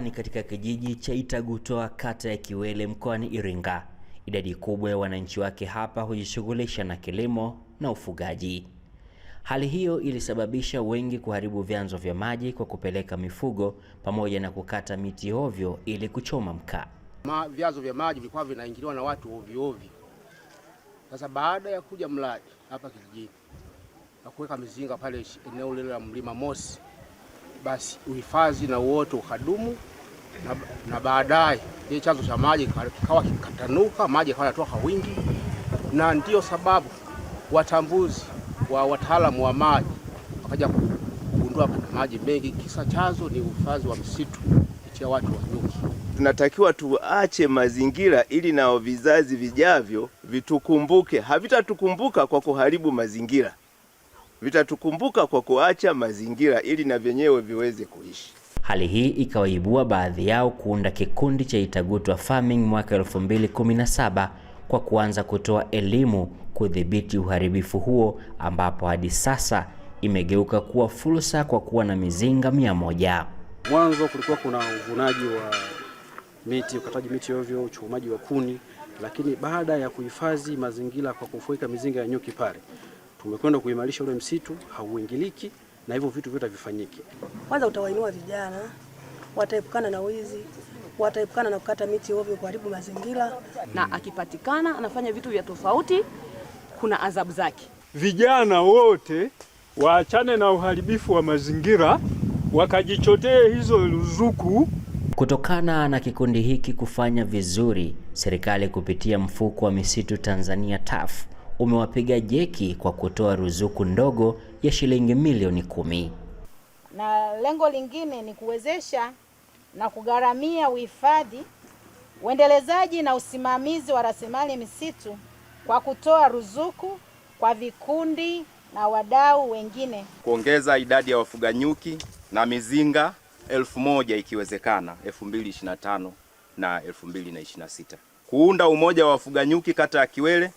Ni katika kijiji cha Itagutoa kata ya Kiwele mkoani Iringa. Idadi kubwa ya wananchi wake hapa hujishughulisha na kilimo na ufugaji. Hali hiyo ilisababisha wengi kuharibu vyanzo vya maji kwa kupeleka mifugo pamoja na kukata miti ovyo ili kuchoma mkaa. Ma, vyanzo vya maji vilikuwa vinaingiliwa na watu ovyo ovyo. Sasa baada ya kuja mradi hapa kijijini na kuweka mizinga pale eneo lile la Mlima Mosi basi uhifadhi na uoto ukadumu na, na baadaye ile chanzo cha maji kikawa kikatanuka, maji yakawa yanatoka wingi, na ndiyo sababu watambuzi wa wataalamu wa maji wakaja kugundua kuna maji mengi, kisa chazo ni uhifadhi wa msitu cha watu wa nyuki. Tunatakiwa tuache mazingira ili nao vizazi vijavyo vitukumbuke, havitatukumbuka kwa kuharibu mazingira vitatukumbuka kwa kuacha mazingira ili na vyenyewe viweze kuishi. Hali hii ikawaibua baadhi yao kuunda kikundi cha Itagutwa Farming mwaka 2017 kwa kuanza kutoa elimu kudhibiti uharibifu huo, ambapo hadi sasa imegeuka kuwa fursa kwa kuwa na mizinga mia moja. Mwanzo kulikuwa kuna uvunaji wa miti, ukataji miti ovyo, uchumaji wa kuni, lakini baada ya kuhifadhi mazingira kwa kufuika mizinga ya nyuki pale tumekwenda kuimarisha ule msitu, hauingiliki na hivyo vitu vyote vifanyike. Kwanza utawainua vijana, wataepukana na wizi, wataepukana na kukata miti ovyo, kuharibu mazingira, na akipatikana anafanya vitu vya tofauti, kuna adhabu zake. Vijana wote waachane na uharibifu wa mazingira, wakajichotee hizo ruzuku. Kutokana na kikundi hiki kufanya vizuri, serikali kupitia mfuko wa misitu Tanzania TAF umewapiga jeki kwa kutoa ruzuku ndogo ya shilingi milioni kumi na lengo lingine ni kuwezesha na kugharamia uhifadhi, uendelezaji na usimamizi wa rasilimali misitu kwa kutoa ruzuku kwa vikundi na wadau wengine, kuongeza idadi ya wafuga nyuki na mizinga elfu moja ikiwezekana 2025 na 2026, kuunda umoja wa wafuga nyuki kata ya Kiwele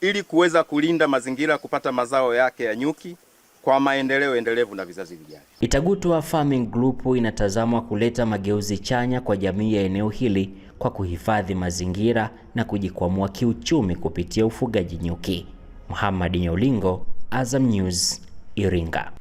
ili kuweza kulinda mazingira kupata mazao yake ya nyuki kwa maendeleo endelevu na vizazi vijavyo. Itagutwa Farming Group inatazamwa kuleta mageuzi chanya kwa jamii ya eneo hili kwa kuhifadhi mazingira na kujikwamua kiuchumi kupitia ufugaji nyuki. Muhammad Nyaulingo, Azam News, Iringa.